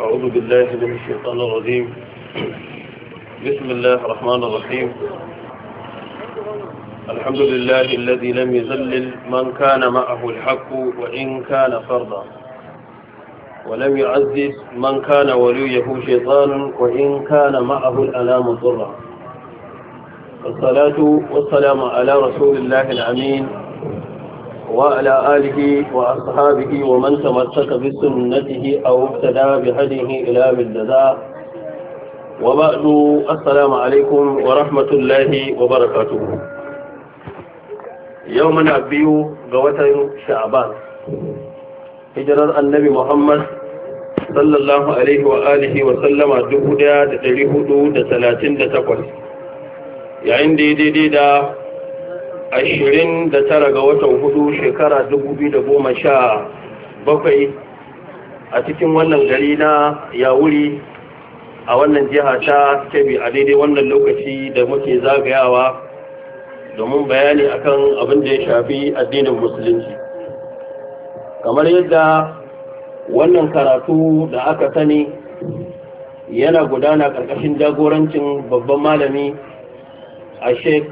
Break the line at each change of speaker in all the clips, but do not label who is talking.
أعوذ بالله من الشيطان الرجيم بسم الله الرحمن الرحيم
الحمد لله
الذي لم يذلل من كان معه الحق وإن كان فرضا ولم يعزز من كان وليه شيطان وإن كان معه الألام ضرا والصلاة والسلام على رسول الله الأمين وعلى آله وأصحابه ومن تمسك بسنته أو اقتدى بهديه إلى بالجزاء وبعد السلام عليكم ورحمة الله وبركاته يوم نبي قوتا شعبان هجرة النبي محمد صلى الله عليه وآله وسلم دهودا تتليه دهودا ثلاثين دهودا يعني دي دي دي, ashirin da tara ga watan hudu shekara dubu biyu da goma sha bakwai a cikin wannan gari na yawuri a wannan jiha ta kebe a daidai wannan lokaci da muke zagayawa domin bayani akan abin da ya shafi addinin musulunci kamar yadda wannan karatu da aka sani yana gudana ƙarƙashin jagorancin babban malami a sheikh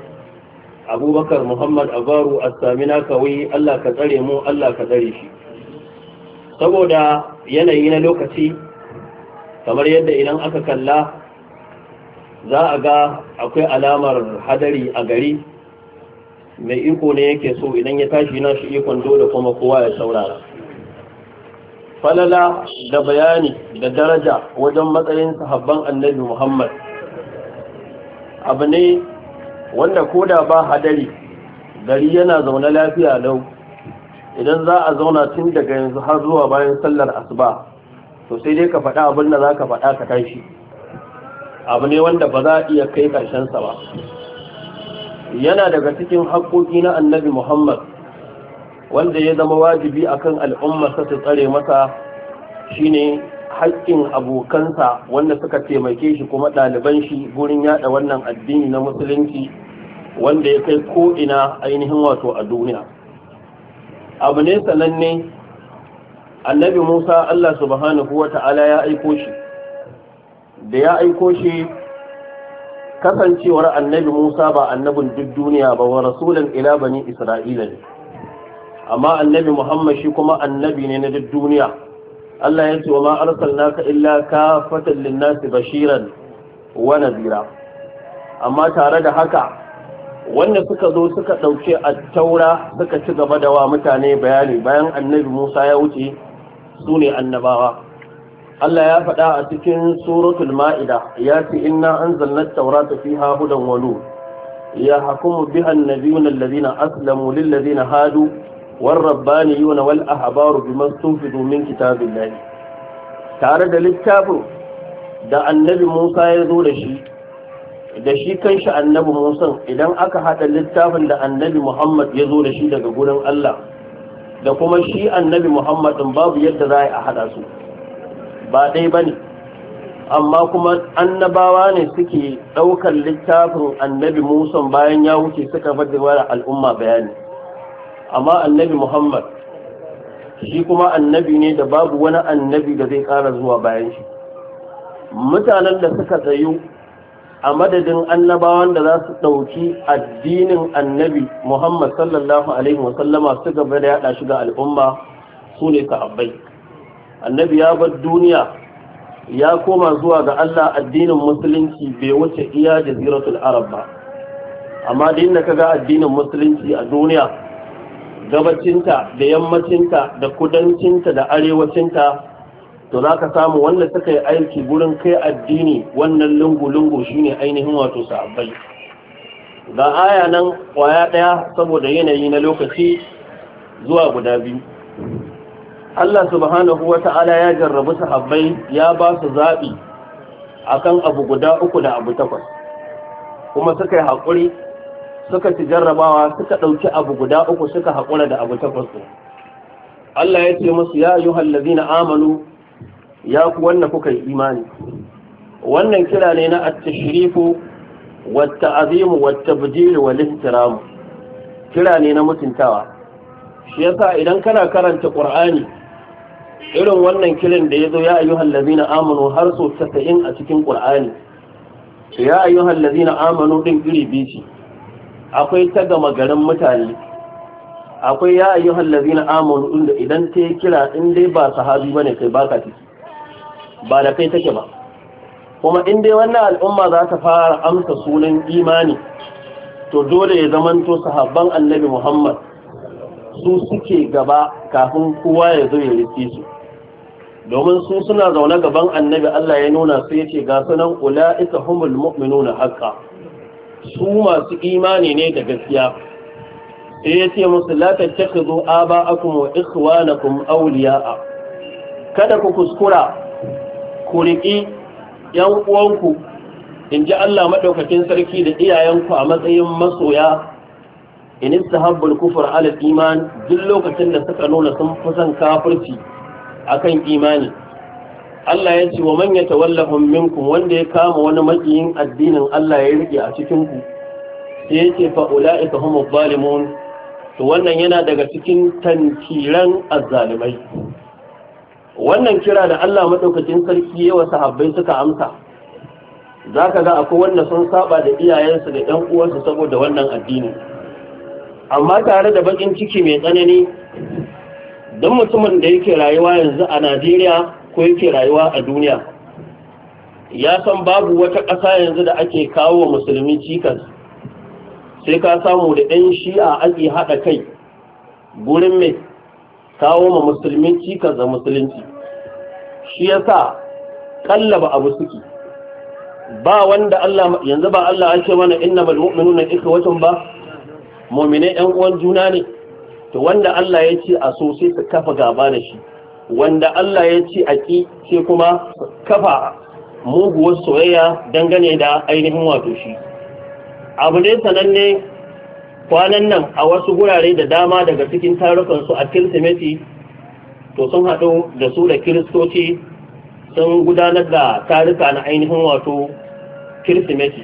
abubakar muhammad abaru a samina kawai allah ka tsare mu allah ka tsare shi saboda yanayi na lokaci kamar yadda idan aka kalla za a ga akwai alamar hadari a gari mai iko ne yake so idan ya tashi na shi ikon dole kuma kowa ya saurara falala da bayani da daraja wajen matsayin sahabban annabi muhammad abu ne wanda ko da ba hadari gari yana zaune lafiya lau idan za a zauna tun daga yanzu har zuwa bayan sallar asuba to sai dai ka faɗa abin da za ka faɗa ka tashi abu ne wanda ba za a iya kai ƙarshensa ba yana daga cikin haƙoƙi na annabi muhammad wanda ya zama wajibi akan sa su tsare masa shine haƙƙin abokansa wanda suka taimake shi kuma ɗaliban shi gurin yaɗa wannan addini na musulunci wanda ya kai ko'ina ainihin wato a duniya abu ne sananne annabi musa allah subhanahu wa ta'ala ya aiko shi da ya aiko shi kasancewar annabi musa ba annabin duk duniya ba wa rasulun ila bani isra'ila ne amma annabi muhammad shi kuma annabi ne na duk duniya Allah ya ce wa ma illa kafatan lin-nasi bashiran wa nadira amma tare da haka wanda suka zo suka dauke at-taura suka ci gaba da wa mutane bayani bayan annabi Musa ya wuce su ne annabawa Allah ya faɗa a cikin suratul ma'ida ya ce inna anzalna at-taurata fiha hudan wa nur ya hukumu biha an-nabiyuna alladhina aslamu lil-ladhina hadu والربانيون والأحبار بما استنفذوا من كتاب الله tare da littafin da annabi Musa ya zo da shi da shi kanshi annabi Musa idan aka haɗa littafin da annabi Muhammad ya zo da shi daga gurin Allah da kuma shi annabi Muhammadin babu yadda za a haɗa su ba ɗai ba ne amma kuma annabawa ne suke ɗaukar littafin annabi Musa bayan ya wuce suka fadi wa al'umma bayani amma annabi muhammad shi kuma annabi ne da babu wani annabi da zai ƙara zuwa bayan shi mutanen da suka tsayu a madadin annabawan da za su ɗauki addinin annabi muhammad sallallahu alaihi wasallama su gaba da yaɗa shiga al'umma su ne abai annabi ya bar duniya ya koma zuwa ga allah addinin musulunci bai wuce iya jaziratul arab ba amma da ka ga addinin musulunci a duniya gabacinta da yammacinta da kudancinta da arewacinta to za ka samu wanda suka yi aiki gurin kai addini wannan lungu-lungu shi ne ainihin wato sahabbai ga aya nan kwaya ɗaya saboda yanayi na lokaci zuwa guda biyu Allah subhanahu wa ta'ala ya jarrabu sahabbai ya ba su zaɓi akan abu guda uku da abu takwas kuma suka yi haƙuri suka ci jarrabawa suka ɗauki abu guda uku suka haƙura da abu takwas Allah ya ce musu ya yi hallazi na amalu ya ku wannan kuka yi imani wannan kira ne na Atta Shirifu wata azimu wata bujiru wa littiramu kira ne na mutuntawa shi yasa idan kana karanta ƙur'ani irin wannan kiran da ya zo ya ayyuhal lazina amanu har so 90 a cikin ƙur'ani ya ayyuhal lazina amanu din iri biyu akwai ta gama garin mutane akwai ya ayi hallazi na amon inda idan ta yi kira in dai ba sahabi ba ne kai baka ciki ba da kai take ba kuma in dai wannan al'umma za ta fara amsa sunan imani to dole ya zamanto sahabban annabi muhammad su suke gaba kafin kowa ya zo ya rike su domin su suna zaune gaban annabi allah ya nuna su ya ce ga sunan ula'ika humul mu'minuna haqqa su masu imani ne da gaskiya sai ya ce musu la tattakhidhu aba'akum wa ikhwanakum awliya'a kada ku kuskura ku riƙi yan uwanku in ji Allah madaukakin sarki da iyayenku a matsayin masoya in istahabbul kufr ala iman duk lokacin da suka nuna sun fi son kafirci akan imani Allah ya ce wa man minku, minkum wanda ya kama wani makiyin addinin Allah ya rike a cikin ku sai yake fa ulaika humu zalimun to wannan yana daga cikin tantiran azzalimai wannan kira da Allah madaukakin sarki yawa sahabbai suka amsa zaka ga akwai wanda sun saba da iyayensu da ɗan uwansu saboda wannan addini amma tare da bakin ciki mai tsanani don mutumin da yake rayuwa yanzu a Najeriya ko yake rayuwa a duniya ya san babu wata ƙasa yanzu da ake kawo musulmi cikas sai ka samu da ɗan shi'a ake haɗa kai gurin mai kawo ma musulmi cikas da musulunci shi yasa kallaba abu suke ba wanda Allah yanzu ba Allah ake mana nuna mu'minuna watan ba mu'mine 'yan uwan juna ne to wanda Allah ya ce a so sai su kafa gaba da shi wanda Allah ya ci a ƙi sai kuma kafa muguwar soyayya dangane da ainihin wato shi abu ne sananne kwanan nan a wasu gurare da dama daga cikin tarukansu a kirsimeti to sun haɗu da su da kiristoci sun gudanar da taruka na ainihin wato kirsimeti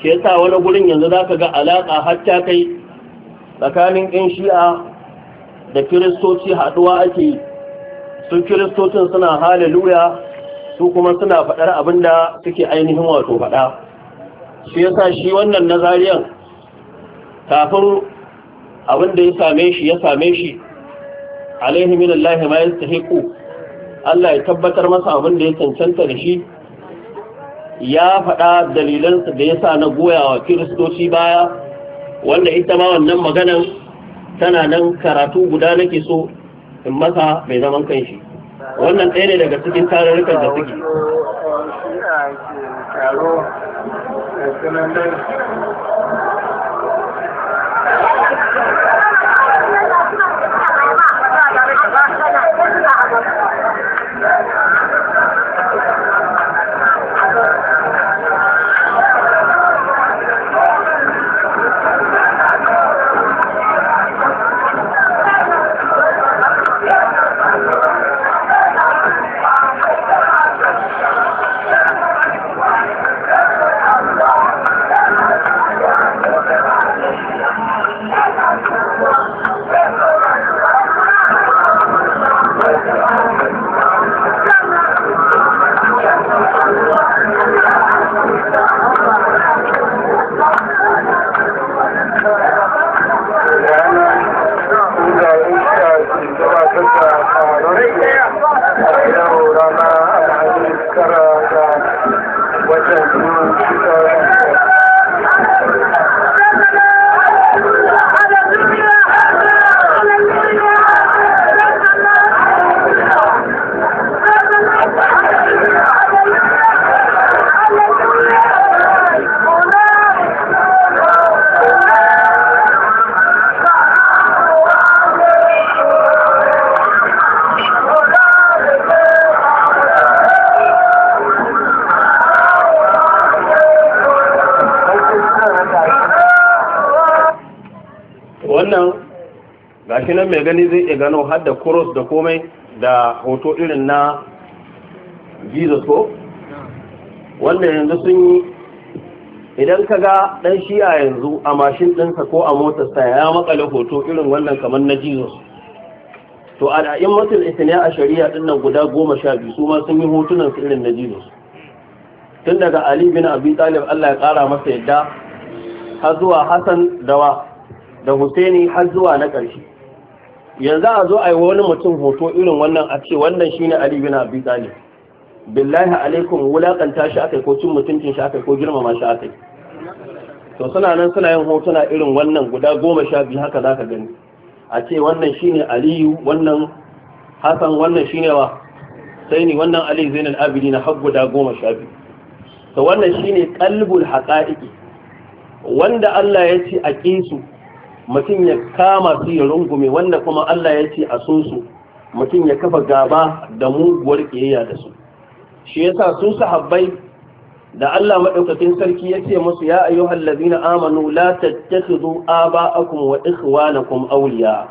ke sa wani gurin yanzu za ka ga alaƙa hatta kai tsakanin 'yan shi'a da kiristoci haɗuwa ake su kiristocin suna haleluya su kuma suna faɗar abin da suke ainihin wato faɗa shi yasa shi wannan nazariyan kafin abin da ya same shi ya same shi alaihi minallahi ma yastahiqu Allah ya tabbatar masa abin da ya cancanta da shi ya faɗa dalilansa da ya sa na goya wa kiristoci baya wanda ita ma wannan maganan tana nan karatu guda nake so in masa mai zaman kanshi wannan ɗaya ne daga cikin tarurrukan da suke gashi nan mai gani zai iya gano har da cross da komai da hoto irin na jesus ko wanda yanzu sun yi idan ka ga ɗan shiya yanzu a mashin ɗinsa ko a motarsa ya makale hoto irin wannan kamar na jesus to a da'in mutum ne a shari'a ɗinnan nan guda goma sha biyu su ma sun yi hotunan su irin na jesus tun daga ali bin abi talib allah ya ƙara masa yadda har zuwa hassan dawa da Hussaini har zuwa na ƙarshe yanzu a zo a yi wani mutum hoto irin wannan a ce wannan shine Ali bin Abi Talib billahi alaikum wulaƙanta shi yi ko cin mutuncin shi yi ko girmama shi yi to suna nan suna yin hotuna irin wannan guda goma sha biyu haka zaka gani a ce wannan shine Aliyu wannan Hassan wannan shine wa sai ni wannan Ali Zainal Abidin har guda goma sha biyu to wannan shine qalbul haƙa'iƙi wanda Allah ya ce a ƙinsu mutum ya kama su ya rungume wanda kuma Allah ya ce a so su mutum ya kafa gaba da muguwar kiyayya da su shi yasa su sahabbai da Allah madaukakin sarki ya ce musu ya ayyuhal ladina amanu la tattakhidhu aba'akum wa ikhwanakum awliya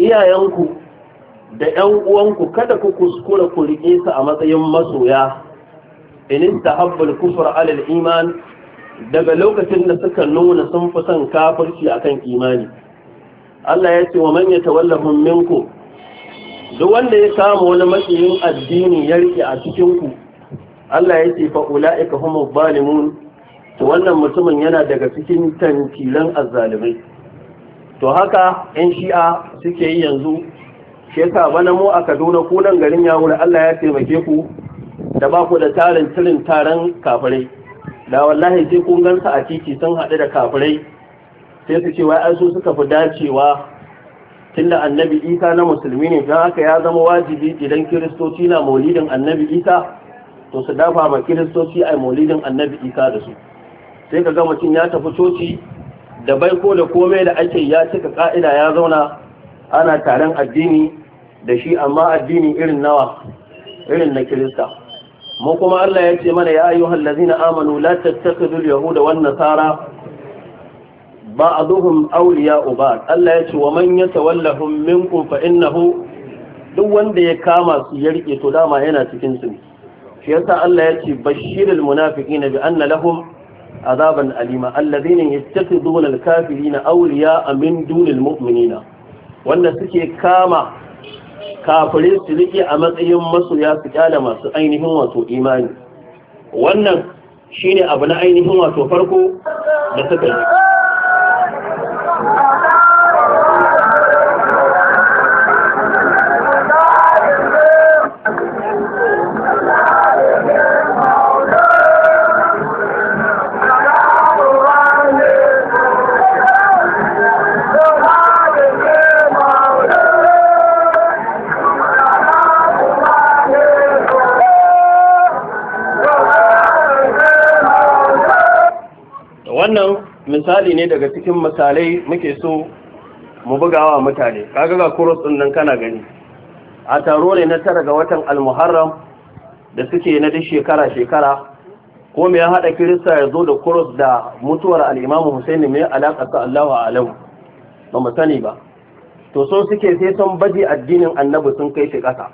iyayenku da ƴan uwanku kada ku kuskura ku rike su a matsayin masoya in istahabbal kufra alal iman daga lokacin da suka nuna sun fi son kafirci kan imani Allah ya ce wa man yatawallahum minkum duk wanda ya kama wani matsayin addini ya rike a cikinku, Allah ya ce fa ulaika humuz zalimun to wannan mutumin yana daga cikin tantilan azzalimai to haka yan shi'a suke yi yanzu shi bana mu a Kaduna ko nan garin ya Allah ya taimake ku da ba ku da tarin tirin taron kafirai da wallahi sai kun gansa a titi sun haɗu da kafirai sai su ce wai an su suka fi dacewa tunda annabi isa na musulmi ne don haka ya zama wajibi idan kiristoci na maulidin annabi isa to su dafa ma kiristoci a maulidin annabi isa da su sai ka gama mutum ya tafi coci da bai ko da komai da ake ya cika ka'ida ya zauna ana taron addini da shi amma addini irin nawa irin na kirista mu kuma Allah ya ce mana ya ayyuhal ladzina amanu la tattakhidul yahuda wan nasara ba'dhum awliya'u ba'd Allah ya ce wa man yatawallahum minkum fa innahu duk wanda ya kama su yarke to dama yana cikin su shi yasa Allah ya ce bashirul munafiqina bi anna lahum azaban alima alladhina yattakhiduna al-kafirina awliya'a min dunil mu'minina wanda suke kama Kafirin su rike a matsayin masoya su kyala masu ainihin wato imani wannan shine abu na ainihin wato farko da suka yi misali ne daga cikin misalai muke so mu bugawa mutane kaga ga kuros din nan kana gani a taro ne na tara ga watan al-muharram da suke na duk shekara shekara ko me ya hada kirista ya zo da kuros da mutuwar al-imamu husaini mai alaka ta Allahu a'lamu ba mu sani ba to so suke sai sun baje addinin annabi sun kai shi ƙasa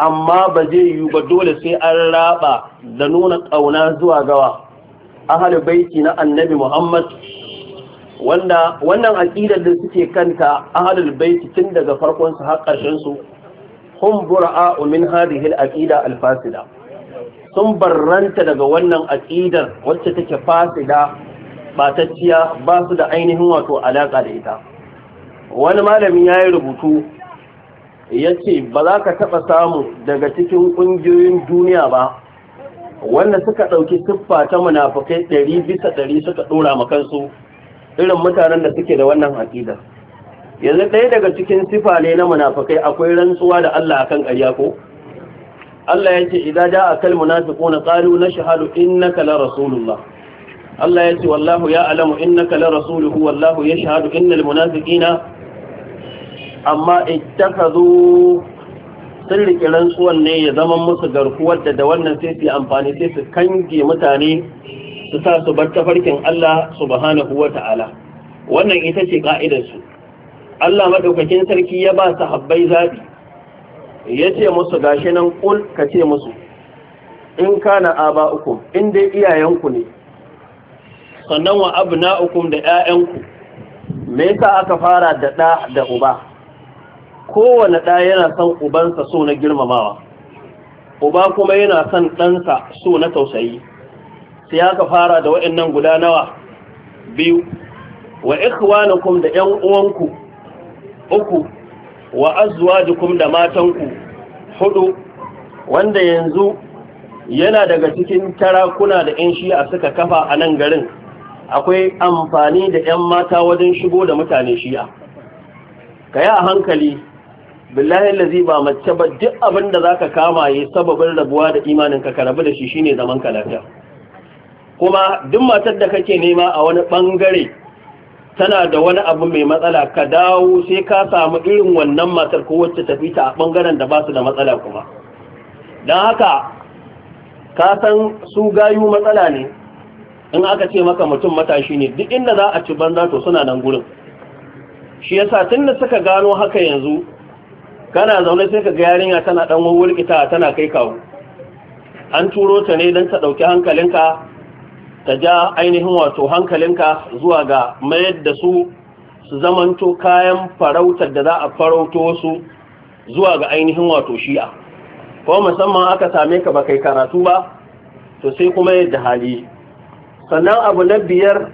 amma ba zai yiwu ba dole sai an raba da nuna ƙauna zuwa gawa Ahalin baiti na annabi Muhammad wanda wannan aƙidar da suke kanta ahalul baiti tun daga farkon su har ƙarshen su hum bura'a min hadhihi al-aqida al-fasida sun barranta daga wannan aƙidar wacce take fasida batacciya ba su da ainihin wato alaƙa da ita wani malamin ya yi rubutu ya ce ba za ka taɓa samu daga cikin ƙungiyoyin duniya ba wanda suka ɗauki siffa ta munafukai ɗari bisa ɗari suka ɗora ma kansu irin mutanen da suke da wannan aƙida yanzu ɗaya daga cikin sifa ne na munafukai akwai rantsuwa da Allah akan ƙarya ko Allah ya ce idan ja akal munafiquna qalu nashhadu innaka la rasulullah Allah ya ce wallahu ya alamu innaka la rasuluhu wallahu yashhadu innal munafiqina amma ittakhadhu sun riƙe rantsuwan ne ya zama musu garkuwar da da wannan sai su amfani sai su kange mutane su sa su bar tafarkin Allah subhanahu wa ta'ala wannan ita ce ka'idar su Allah madaukakin sarki ya ba su habbai zabi ya ce musu gashi nan kul ka ce musu in kana aba in dai iyayenku ne sannan wa abna'ukum uku da 'ya'yanku me yasa aka fara da da uba kowane ɗa yana son ubansa so na girmamawa uba kuma yana son ɗansa so na tausayi sai aka fara da nan guda nawa biyu wa ikhwanakum da ƴan uwanku uku wa azwajukum da matanku hudu wanda yanzu yana daga cikin tarakuna da ƴan shi'a suka kafa a nan garin akwai amfani da 'yan mata wajen shigo da mutane shi'a ka yi a hankali billahi lazi ba mace ba duk abin da zaka kama yi sababin rabuwa da imanin ka rabu da shi shine zaman kalata. kuma duk matar da kake nema a wani bangare tana da wani abu mai matsala ka dawo sai ka samu irin wannan matar ko wacce tafi ta a bangaren da ba su da matsala kuma don haka ka san su gayu matsala ne in aka ce maka mutum matashi ne duk inda za a ci banza to suna nan gurin shi yasa tun da suka gano haka yanzu kana zaune sai ka ga yarinya tana dan ita tana kai kawo an turo ta ne dan ta ɗauki hankalinka ta ja ainihin wato hankalinka zuwa ga mayar da su su zamanto kayan farautar da za a farauto su zuwa ga ainihin wato shi'a ko musamman aka same ka ba kai karatu ba to sai kuma yadda hali sannan abu na biyar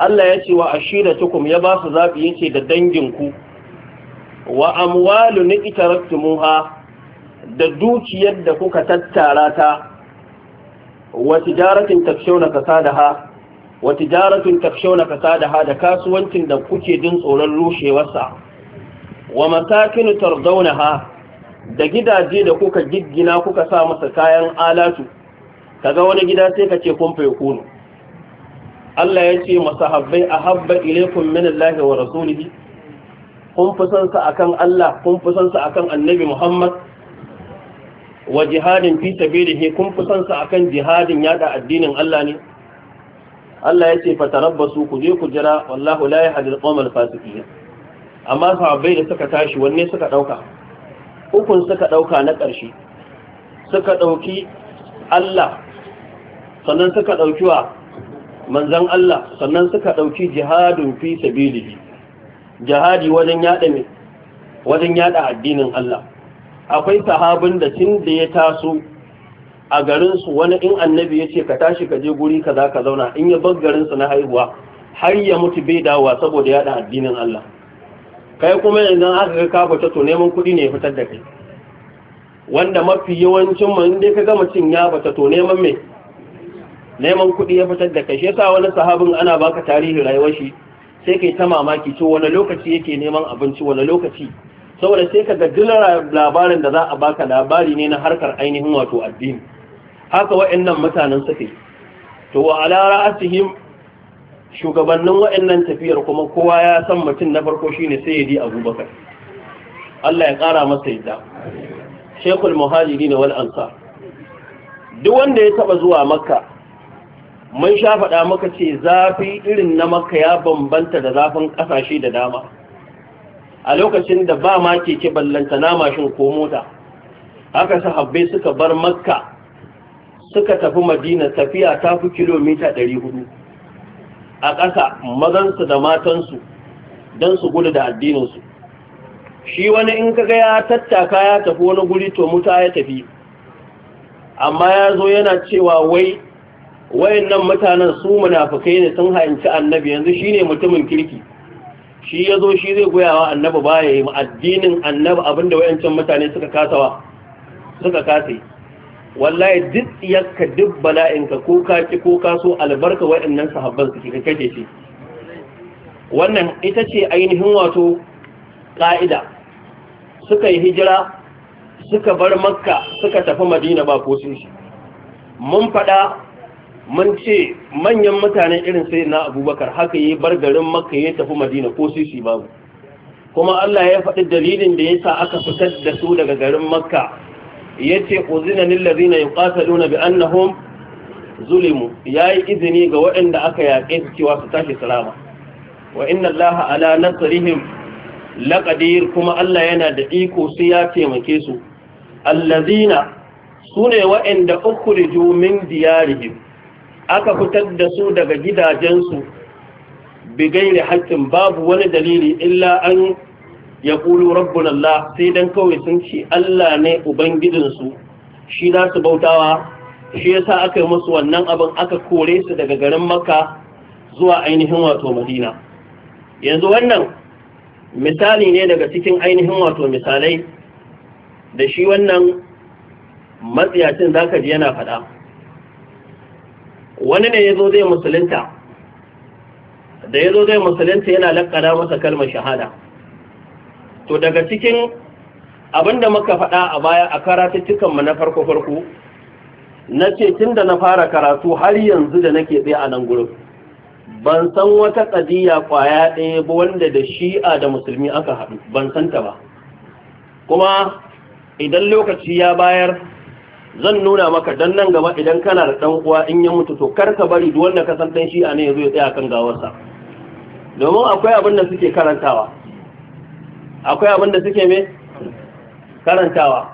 Allah ya ce wa tukum ya ba su zaɓi yake da danginku wa amwalu ni itaraktumuha da dukiyar da kuka tattara ta wa tijaratin takshawna kasadaha wa tijaratin takshawna kasadaha da kasuwancin da kuke jin tsoron rushewarsa wa matakinu tardawnaha da gidaje da kuka giggina kuka sa masa kayan alatu kaga wani gida sai ka ce kun fayakunu Allah ya ce masahabbai ahabba ilaykum minallahi wa rasulihi kun fi son sa akan Allah kun fi son sa akan Annabi Muhammad wa jihadin fi sabilihi kun fi son sa akan jihadin yada addinin Allah ne Allah ya ce tarabbasu ku je ku jira wallahu la yahdi al-qawmal fasiqin amma abai da suka tashi wanne suka dauka ukun suka dauka na ƙarshe suka dauki Allah sannan suka dauki wa manzon Allah sannan suka dauki jihadun fi sabilihi jihadi wajen yada addinin Allah akwai sahabin da tun da ya taso a garinsu wani in annabi ya ce ka tashi ka je guri kaza ka zauna in ya bar garinsu na haihuwa har ya mutu bai dawowa saboda yada addinin Allah kai kuma yanzu aka ga ka ta to neman kuɗi ne fitar da kai wanda mafi yawancin mu inda ka gama cin ya bata to neman me neman kuɗi ya fitar da kai shi yasa wani sahabin ana baka tarihi rayuwar shi sai kai ta mamaki to wani lokaci yake neman abinci wani lokaci saboda sai ka ga labarin da za a baka labari ne na harkar ainihin wato addini haka wa'annan mutanen suke to wa ala cikin shugabannin wa'annan tafiyar kuma kowa ya san mutum na farko shine sayyidi abubakar Allah ya kara masa yadda Sheikhul muhajirin wal ansar duk wanda ya taba zuwa makka mun sha faɗa maka ce zafi irin na maka ya bambanta da zafin ƙasashe da dama a lokacin da ba ma keke ballanta na mashin ko mota haka sahabbai suka bar makka suka tafi madina tafiya ta fi kilomita 400 a ƙasa mazansu da matansu don su gudu da addininsu shi wani in kaga ya tattaka ya tafi wani guri to muta ya tafi amma ya zo yana cewa wai wayannan mutanen su munafukai ne sun hayanci annabi yanzu shine mutumin kirki shi yazo shi zai goyawa annabi baya yi addinin annabi abinda wayancin mutane suka kasawa suka kasa wallahi duk yakka duk bala'inka ko ka ki ko ka so albarka wayannan sahabban su kika kake shi wannan ita ce ainihin wato ka'ida suka yi hijira suka bar makka suka tafi madina ba ko sun shi mun faɗa mun ce manyan mutane irin sai na abubakar haka yi bar garin makka ya tafi madina ko sisi babu kuma allah ya faɗi dalilin da ya sa aka fitar da su daga garin makka ya ce uzina lillazina yuqataluna bi annahum zulimu yi izini ga waɗanda aka yaƙe su cewa su tashi salama wa inna allaha ala nasrihim laqadir kuma allah yana da iko sai ya taimake su allazina ne waɗanda ukhriju min diyarihim aka fitar da su daga gidajensu bigairi haƙƙin babu wani dalili illa an ya ƙulu rabbin Allah sai don kawai sun ce Allah ne ubangidinsu, shi za su bautawa shi yasa aka yi musu wannan abin aka kore su daga garin maka zuwa ainihin wato Madina yanzu wannan misali ne daga cikin ainihin wato misalai da shi wannan matsiyacin ka ji yana faɗa wani ne ya zo zai musulunta da ya zo zai musulunta yana lakkada masa kalmar shahada to daga cikin abinda muka faɗa a baya a karatuttukanmu na farko-farko na ce tun da na fara karatu har yanzu da nake tsaye a nan gurin ban san wata ƙadiyya ƙwaya ɗaya ba wanda da shi'a da musulmi aka haɗu ban san ta ba kuma idan lokaci ya bayar zan nuna maka dan nan gaba idan kana da dan uwa in ya mutu to kar ka bari duk wanda ka san dan shi a ne yazo ya tsaya kan gawarsa domin akwai abin da suke karantawa akwai abin da suke me karantawa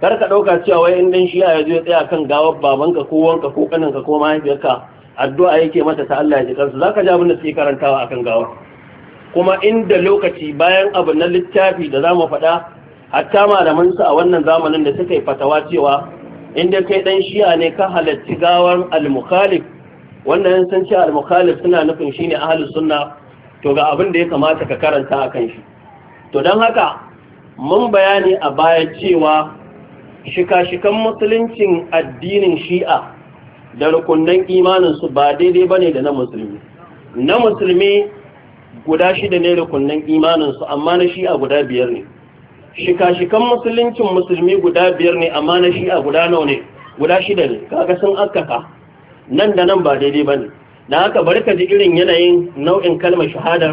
kar ka dauka cewa wai in dan shi ya yazo ya tsaya kan gawar babanka ko wanka ko kaninka ko mahaifiyarka addu'a yake mata ta Allah ya ji kansu zaka ji abin da suke karantawa akan gawar kuma inda lokaci bayan abin na littafi da zamu faɗa hatta malaman su a wannan zamanin da suka yi fatawa cewa inda kai dan shi'a ne ka halarci gawar al-mukhalif wannan san cewa al-mukhalif suna nufin shine ahli sunna to ga abin da ya kamata ka karanta akan shi to dan haka mun bayani a baya cewa shika-shikan musuluncin addinin shi'a da rukunan imaninsu ba daidai bane da na musulmi na musulmi guda shida ne rukunan imaninsu amma na shi'a guda biyar ne shika-shikan musuluncin musulmi guda biyar ne amma na shi'a guda nawa ne guda shida ne kaga sun akaka? nan da nan ba daidai bane na haka bari ka ji irin yanayin nau'in kalmar shahadar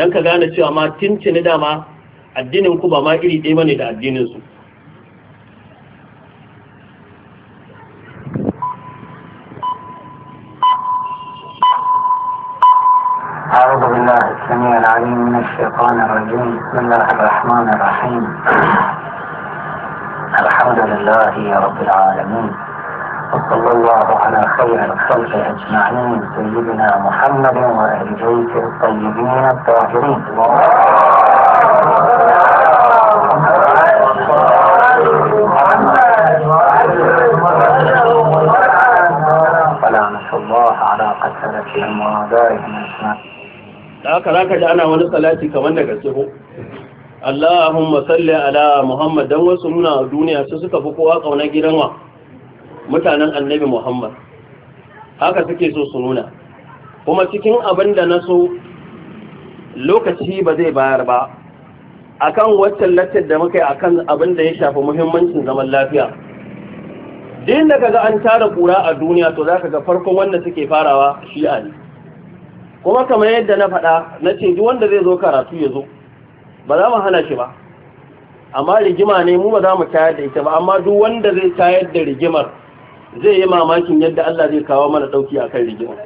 don ka gane cewa ma ni dama addinin ku ba ma iri ɗaya ba ne da addininsu?
بسم الله الرحمن الرحيم الحمد لله يا رب العالمين وصلى الله على خير الخلق اجمعين سيدنا محمد واهل بيته الطيبين الطاهرين
اللهم صل على قتلتهم وآبائهم haka za ka ji ana wani salati kamar daga gaske ko Allahumma salli ala Muhammad don wasu nuna a duniya su suka fi kowa kauna gidan wa mutanen Annabi Muhammad haka suke so su nuna kuma cikin abin da na so lokaci ba zai bayar ba akan waccan lattar da muka yi akan abin da ya shafi muhimmancin zaman lafiya din da ga an tara kura a duniya to zaka ga farkon wanda suke farawa shi'a ne kuma kamar yadda na faɗa na ce duk wanda zai zo karatu ya zo ba za mu hana shi ba amma rigima ne mu ba za mu tayar da ita ba amma duk wanda zai tayar da rigimar zai yi mamakin yadda Allah zai kawo mana ɗauki a kan rigimar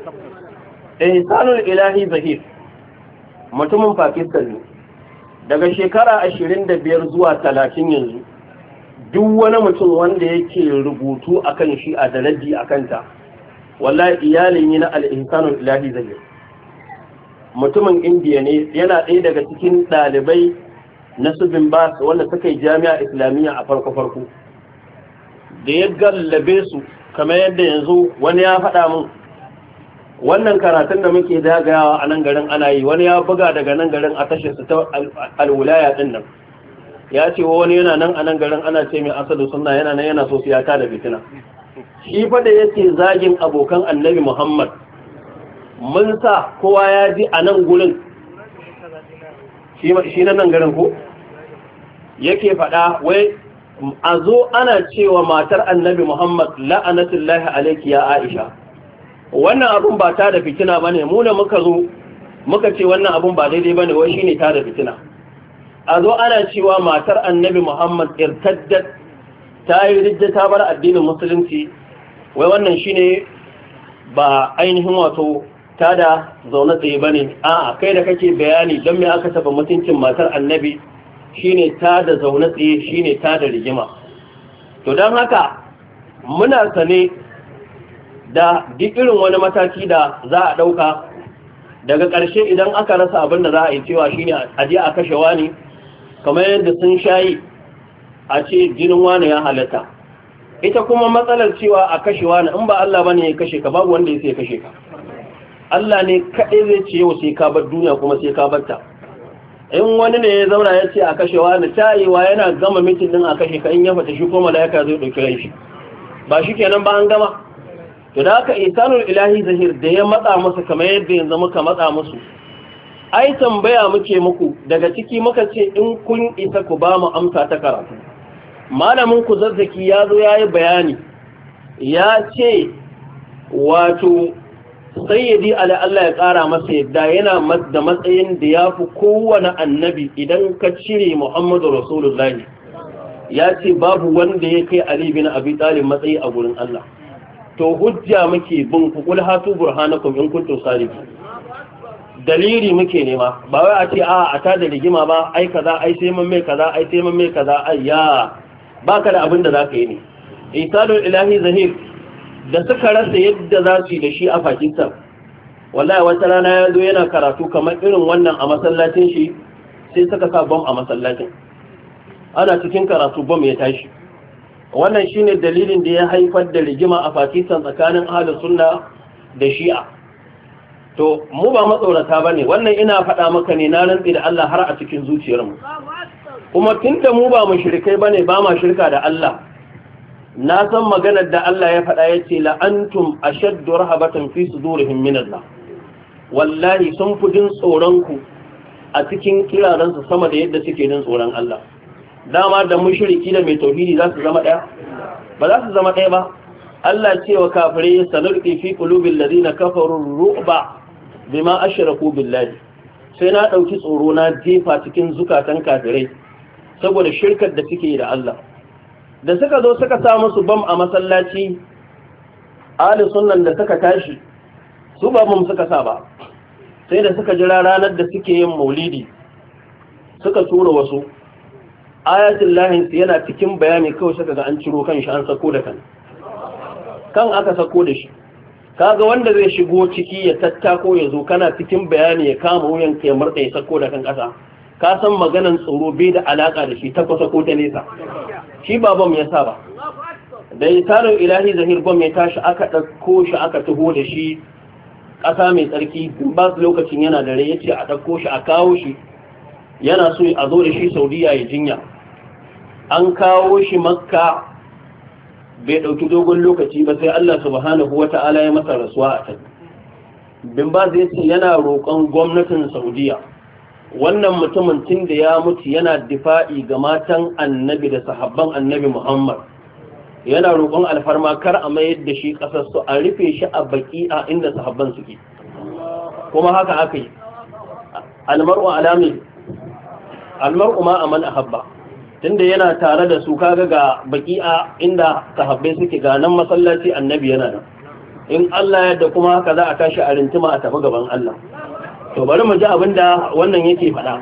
eh, ihsanul ilahi zahir mutumin pakistan ne daga shekara ashirin da biyar zuwa talatin yanzu duk wani mutum wanda yake rubutu akan shi a dalaji akan ta wallahi iyalin yi na al'ihsanul ilahi zahir mutumin indiya ne yana ɗaya daga cikin ɗalibai na su Bimba wanda suka yi jami'a islamiyya a farko-farko da ya gallabe su kamar yadda yanzu wani ya faɗa mun wannan karatun da muke dagayawa a nan garin ana yi wani ya buga daga nan garin a tashar su ta alwulaya ɗin nan ya ce wani yana nan a nan garin ana ce mai asadu sunna yana nan yana so siyata da fitina shi fa da yake zagin abokan annabi muhammad mun sa kowa ya ji a nan gurin shi na nan garin ko yake faɗa wai a zo ana cewa matar annabi muhammad la'anatullahi alaiki ya aisha wannan abun ba ta da fitina ba ne muna muka zo muka ce wannan abun ba daidai ba ne wai shi ne ta da fitina a zo ana cewa matar annabi muhammad irtaddat ta yi rijja ta bar addinin musulunci wai wannan shi ne ba ainihin wato tada zaune tsaye ba ne. a'a kai da kake bayani don me aka saba mutuncin matar annabi shine da zaune tsaye shine da rigima to don haka muna sane da duk irin wani mataki da za a ɗauka daga ƙarshe idan aka rasa abin da za a yi cewa shine a je a kashe wani kamar yadda sun shayi a ce jinin wani ya halatta ita kuma matsalar cewa a kashe wani in ba Allah bane ya kashe ka babu wanda ya sai kashe ka Allah ne kaɗai zai ce yau sai ka bar duniya kuma sai ka bar ta in wani ne ya zauna ya ce a kashewa na tayewa yana gama mitin din a kashe ka in ya fata shi kuma malaika zai dauki ran shi ba shi kenan ba an gama to da haka isanul ilahi zahir da ya matsa masa kamar yadda yanzu muka matsa musu ai tambaya muke muku daga ciki muka ce in kun isa ku ba mu amsa ta karatu malamin ku zazzaki ya zo ya yi bayani ya ce wato Sai yadi ala Allah ya ƙara masa yadda yana da matsayin da ya fi kowane annabi idan ka cire Muhammadu Rasulullah ya ce babu wanda ya kai Ali bin Abi Talib matsayi a gurin Allah to hujja muke bin ku kul hatu burhanakum in kuntum sadiqin dalili muke nema ba wai a ce a a ta da rigima ba ai kaza ai sai mun mai kaza ai sai mun mai kaza ai ya baka da abin da za ka yi ne italul ilahi zahir da suka rasa yadda za su yi da shi a Pakistan wallahi wata rana ya zo yana karatu kamar irin wannan a masallacin shi sai suka sa bom a masallacin ana cikin karatu bom ya tashi wannan shi ne dalilin da ya haifar da rigima a Pakistan tsakanin ahalin sunna da shi'a to mu ba matsorata ne, wannan ina faɗa maka ne na rantsi da Allah har a cikin zuciyarmu kuma tun da mu ba mu ba ne ba ma shirka da Allah na san maganar da Allah ya faɗa ya ce la'antum shaddu rahabatan fi sudurihim min Allah wallahi sun fi jin tsoronku a cikin kiraransu sama da yadda suke jin tsoron Allah dama da mushiriki da mai tauhidi za su zama ɗaya ba za su zama ɗaya ba Allah ce wa kafirai ya fi qulubil ladina kafaru ru'ba ashira ko billahi sai na ɗauki tsoro na jefa cikin zukatan kafirai saboda shirkar da suke da Allah da suka zo suka sa musu bam a masallaci ahli sunnan da suka tashi su ba mun suka sa ba sai da suka jira ranar da suke yin maulidi suka tura wasu ayatul lahin yana cikin bayani kawai saka ga an ciro kan shi an sako da kan kan aka sako da shi kaga wanda zai shigo ciki ya tattako ya zo kana cikin bayani ya kama wuyan kai murda ya sako da kan kasa ka san maganan tsoro bai da alaka da shi ta kusa ko ta nesa shi ba bam ya sa ba da tarin ilahi zahir bam ya tashi aka ɗauko shi aka taho da shi ƙasa mai tsarki ba lokacin yana da rai ya ce a ɗauko shi a kawo shi yana so a zo da shi saudiya ya jinya an kawo shi makka bai ɗauki dogon lokaci ba sai Allah subhanahu wa ta'ala ya masa rasuwa a can bin ba zai yana roƙon gwamnatin saudiya wannan mutumin tun da ya mutu yana difa'i ga matan annabi da sahabban annabi Muhammad yana roƙon alfarma kar a mayar da shi ƙasar su a rufe shi a baƙi a inda sahabban suke kuma haka aka yi almar'u alami almar'u ma habba, tun da yana tare da su kaga ga baƙi a inda sahabbai suke ga nan masallaci annabi yana nan in Allah yadda kuma haka za a tashi a rintima a tafi gaban Allah to bari mu ji abin da wannan yake faɗa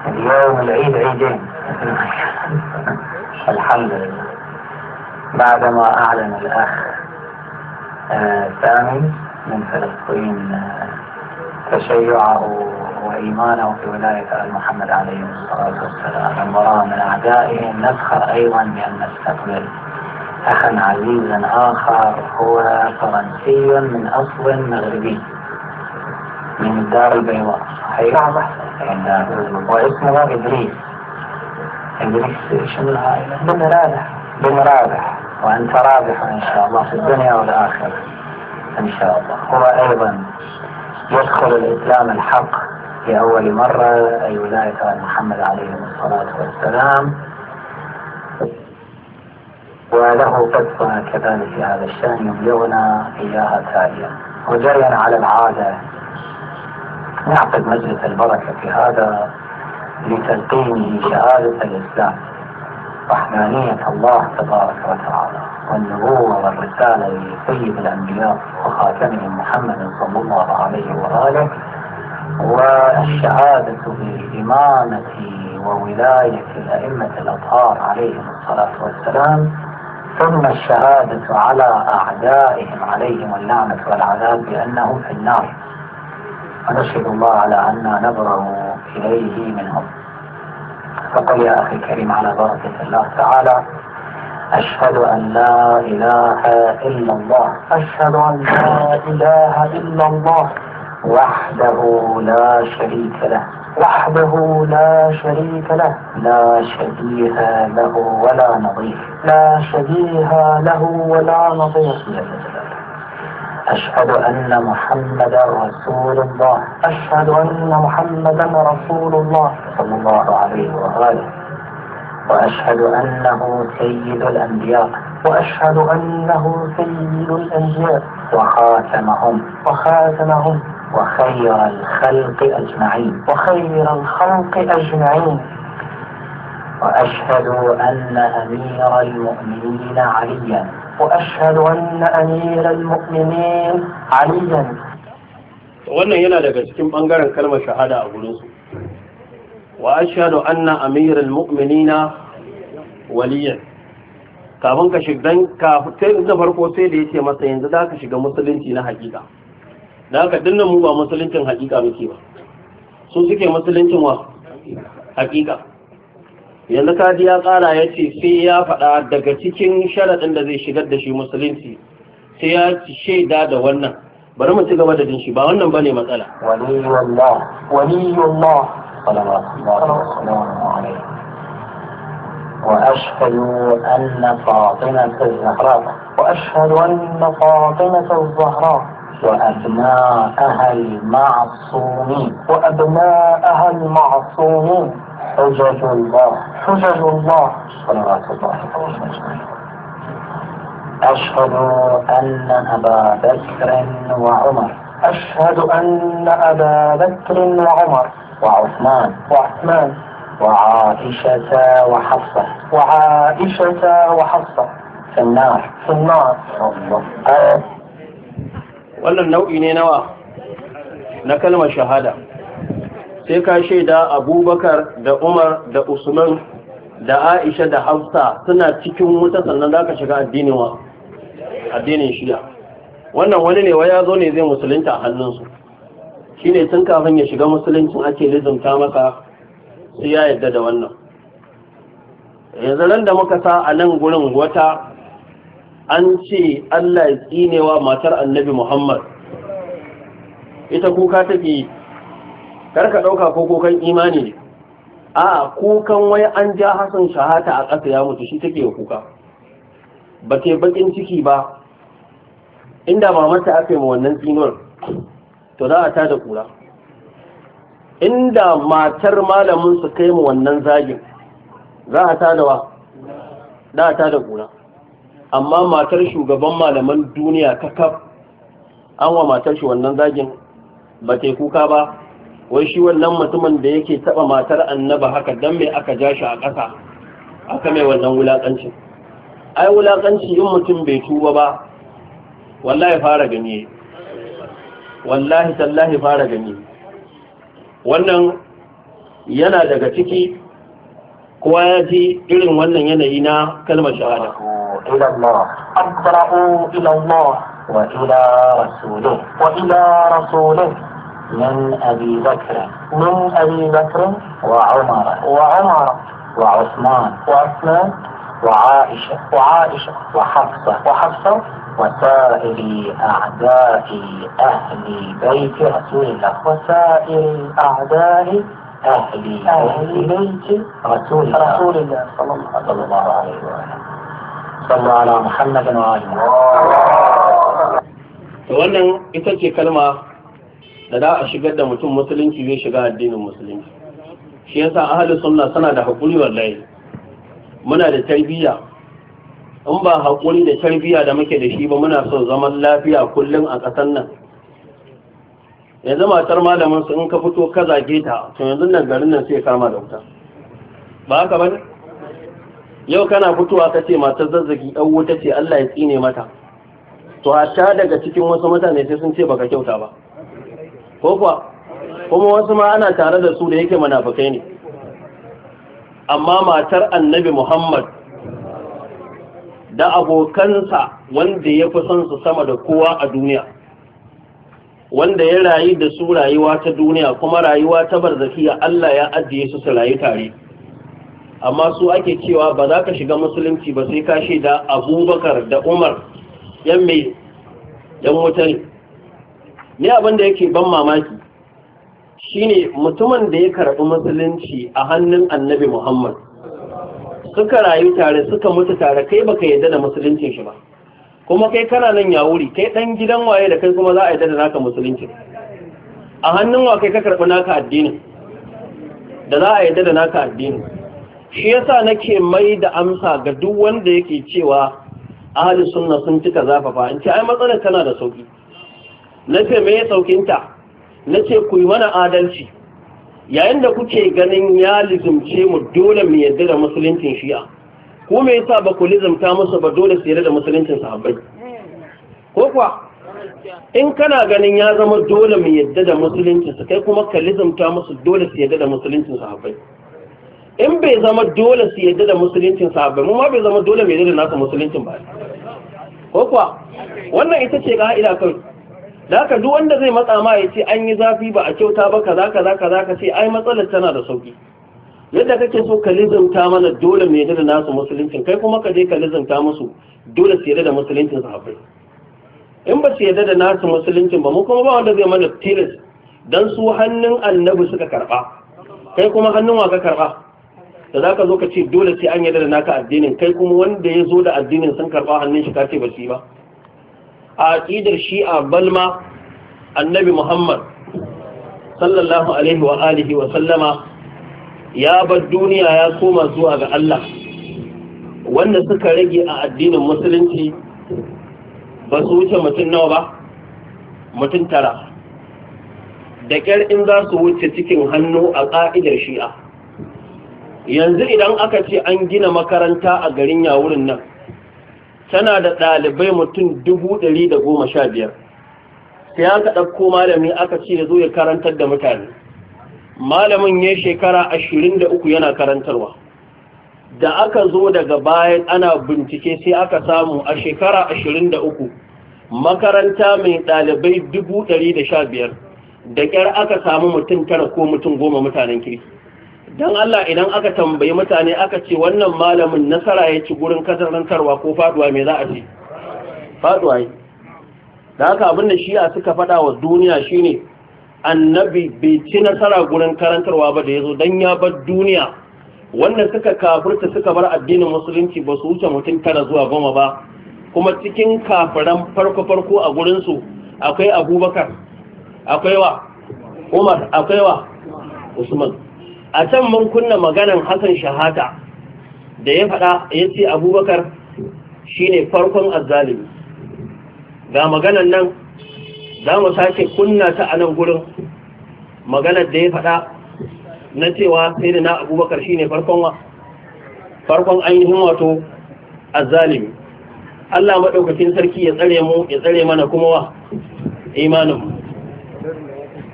اليوم العيد عيدين الحمد لله بعدما أعلن الأخ سامي من فلسطين تشيعه وإيمانه في ولاية آل محمد عليه الصلاة والسلام وراه من أعدائه نفخر أيضا بأن نستقبل أخا عزيزا آخر هو فرنسي من أصل مغربي من الدار البيضاء صحيح؟ نعم واسمه واسمها إدريس إدريس شنو بن رابح بن رابح وأنت رابح إن شاء الله في الدنيا والآخرة إن شاء الله هو أيضا يدخل الإسلام الحق لأول مرة أي ولاية محمد عليه الصلاة والسلام وله قصة كذلك في هذا الشأن يبلغنا إياها تالية وجريا على العادة نعقد مجلس البركة في هذا لتلقينه شهادة الإسلام رحمانية الله تبارك وتعالى والنبوة والرسالة لسيد الأنبياء وخاتمهم محمد صلى الله عليه وآله والشهادة بإمامة وولاية الأئمة الأطهار عليهم الصلاة والسلام ثم الشهادة على أعدائهم عليهم اللعنة والعذاب بأنهم في النار ونشهد الله على أن نبرأ إليه منهم فقل يا أخي الكريم على بركة الله تعالى أشهد أن لا إله إلا الله أشهد أن لا إله إلا الله وحده لا شريك له وحده لا شريك له لا شبيه له ولا نظير لا شبيه له ولا نظير أشهد أن محمدا رسول الله أشهد أن محمدا رسول الله صلى الله عليه وآله وأشهد أنه سيد الأنبياء وأشهد أنه سيد الأنبياء وخاتمهم وخاتمهم وخير الخلق أجمعين وخير الخلق أجمعين وأشهد أن أمير المؤمنين عليا وأشهد أن أمير المؤمنين عليا
wannan yana daga cikin ɓangaren kalmar shahada a gurinsu wa ashhadu anna amiral mu'minina waliyan kafin ka shiga kafin na farko sai da yace masa yanzu za ka shiga musulunci na hakika da haka dinnan mu ba musuluncin hakika muke ba su suke musuluncin wa hakika yanzu kadi ya ƙara ya ce sai ya faɗa daga cikin sharaɗin da zai shigar da shi musulunci sai ya shaida da wannan bari mu ci gaba da dinshi ba wannan bane matsala waliyullah waliyullah وأشهد
أن فاطمة الزهراء وأشهد أن فاطمة الزهراء وأبناءها المعصومين وأبناءها المعصومين حجج الله حجج الله صلوات الله أشهد أن أبا بكر وعمر أشهد أن أبا بكر وعمر وعثمان وعثمان وعائشة وحفصة وعائشة وحفصة في النار في النار
wannan ولا النوء nawa na kalmar sai ka shaida abubakar da umar da usman da aisha da hafsa suna cikin wuta sannan za ka shiga addinin shiya wannan wani ne waya zo ne zai musulunta a hannunsu shi ne tun kafin ya shiga musuluncin ake lizunta maka su ya yadda da wannan yanzu nan da muka sa a nan gurin wata an ce allah ya tsinewa matar annabi muhammad ita kuka take kar ka ɗauka ko kokan imani ne a kukan wai an ja hasan shahata a ƙasa ya mutu shi take kuka ba ke bakin ciki ba inda ba mata aka yi wannan tsinuwar to za a ta da kura inda matar malamin su kai mu wannan zagin za a ta da wa za a ta da kura amma matar shugaban malaman duniya kakaf an wa matar shi wannan zagin ba ta kuka ba wai shi wannan mutumin da yake taba matar annaba haka dan me aka ja shi a ƙasa aka mai wannan wulaƙancin ai wulaƙanci in mutum bai tuba ba wallahi fara gani wallahi tallahi fara gani wannan yana daga ciki kowa ya ji irin wannan yanayi na kalmar shahada أبرأوا إلى الله وإلى رسوله
وإلى من أبي بكر من أبي بكر وعمر وعمر وعثمان وعثمان وعائشة وعائشة وحفصة وحفصة وسائر أعداء أهل بيت رسول الله وسائر أعداء أهل, أهل بيت رسول الله رسول الله صلى الله عليه وسلم
صلى على محمد وآله وسلم. وانه ita كلمه da za a shigar da mutum musulunci zai shiga addinin musulunci shi yasa ahalus sunna suna da haƙuri wallahi muna da tarbiyya in ba haƙuri da tarbiyya da muke da shi ba muna son zaman lafiya kullum a ƙasar nan yanzu matar malamin su in ka fito ka zage ta to yanzu nan garin nan sai kama da wuta ba haka ne? yau kana fitowa ka ce matar zazzagi ɗan wuta ce Allah ya tsine mata to hatta daga cikin wasu mutane sai sun ce baka kyauta ba ko kuwa kuma wasu ma ana tare da su da yake munafukai ne amma matar annabi Muhammad da abokansa wanda ya fi son su sama da kowa a duniya wanda ya rayu da su rayuwa ta duniya kuma rayuwa ta barzaki barzakiya Allah ya ajiye su su rayu tare amma su ake cewa ba za ka shiga musulunci ba sai ka da abubakar da umar yan mai yan mutane ne abin da yake ban mamaki shine mutumin da ya karɓi musulunci a hannun annabi muhammad suka rayu tare suka mutu tare kai baka yadda da musuluncin shi ba kuma kai kana nan ya wuri kai ɗan gidan waye da kai kuma za a yadda da naka musulunci a hannun wa kai ka karɓi naka addinin da za a yadda da naka addini shi yasa nake mai da amsa ga duk wanda yake cewa ahalin sunna sun cika zafafa in ce ai matsalar tana da sauki na ce me ya saukinta na ce ku yi mana adalci yayin da kuke ganin ya lizumce mu dole mu yadda da musuluncin shi'a ko me yasa ba ku lizumta musu ba dole su yadda da musuluncin sahabbai ko kuwa in kana ganin ya zama dole mu yadda da musuluncin su kai kuma ka lizumta musu dole su yadda da musuluncin sahabbai in bai zama dole su yadda da musuluncin sahabbai mu ma bai zama dole mu yadda da nasu musuluncin ba ko kuwa wannan ita ce ka'ida kai da haka duk wanda zai matsa ma ya ce an yi zafi ba a kyauta ba kaza kaza kaza ka ce ai matsalar tana da sauki yadda kake so ka lizanta mana dole mai yadda da nasu musuluncin kai kuma ka je ka lizanta musu dole su yadda da musuluncin sahabbai in ba su yadda da nasu musuluncin ba mu kuma ba wanda zai mana tilis dan su hannun annabi suka karba kai kuma hannun wa ka karba da za ka zo ka ce dole sai an da naka addinin kai kuma wanda ya zo da addinin sun karba hannun shi ka ce ba su yi ba a aƙidar shi'a balma annabi muhammad sallallahu alaihi wa alihi wa sallama ya bar duniya ya koma zuwa ga Allah wanda suka rage a addinin musulunci ba su wuce mutum nawa ba mutum tara da ƙyar in za su wuce cikin hannu a ƙa'idar shi'a yanzu idan aka ce an gina makaranta a garin yawurin nan tana da ɗalibai mutum dubu ɗari da goma sha biyar sai aka ɗauko malami aka ce ya zo ya karantar da mutane malamin ya shekara ashirin da uku yana karantarwa da aka zo daga bayan ana bincike sai aka samu a shekara ashirin da uku makaranta mai ɗalibai dubu ɗari da sha biyar da ƙyar aka samu mutum tara ko mutum goma mutanen kirki don Allah idan aka tambayi mutane aka ce wannan malamin nasara ya ci gurin kasarantarwa ko faduwa mai za a ce faduwa yi da da shi shi'a suka fada wa duniya shine annabi bai ci nasara gurin karantarwa ba da ya zo don ya bar duniya Wannan suka kafirta suka bar addinin musulunci ba su wuce mutum tara zuwa goma ba kuma cikin kafiran farko-farko a gurinsu akwai abubakar akwai wa umar akwai wa usman a can mun kunna maganan hasan shahata da ya faɗa ya ce abubakar shi ne farkon azzalimi ga maganan nan za mu sake kunna ta a nan gurin maganar da ya faɗa na cewa sai da na abubakar ne farkon farkon ainihin wato azzalimi Allah maɗaukacin sarki ya tsare mu ya tsare mana kuma wa imaninmu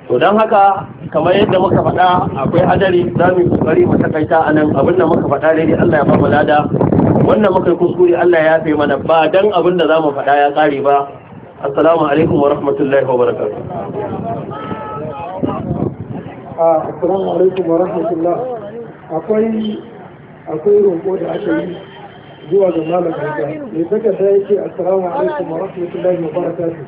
to don haka kamar yadda muka faɗa akwai hadari za mu yi kokari mu takaita a nan abin da muka faɗa daidai Allah ya ba mu lada wannan muka kuskure Allah ya yafe mana ba dan abin da za mu faɗa ya ƙare ba assalamu alaikum wa rahmatullahi wa barakatuh
ah, assalamu alaikum wa rahmatullah akwai akwai roƙo da aka yi zuwa ga malam Hausa mai takarda yake assalamu alaikum wa rahmatullahi wa barakatuh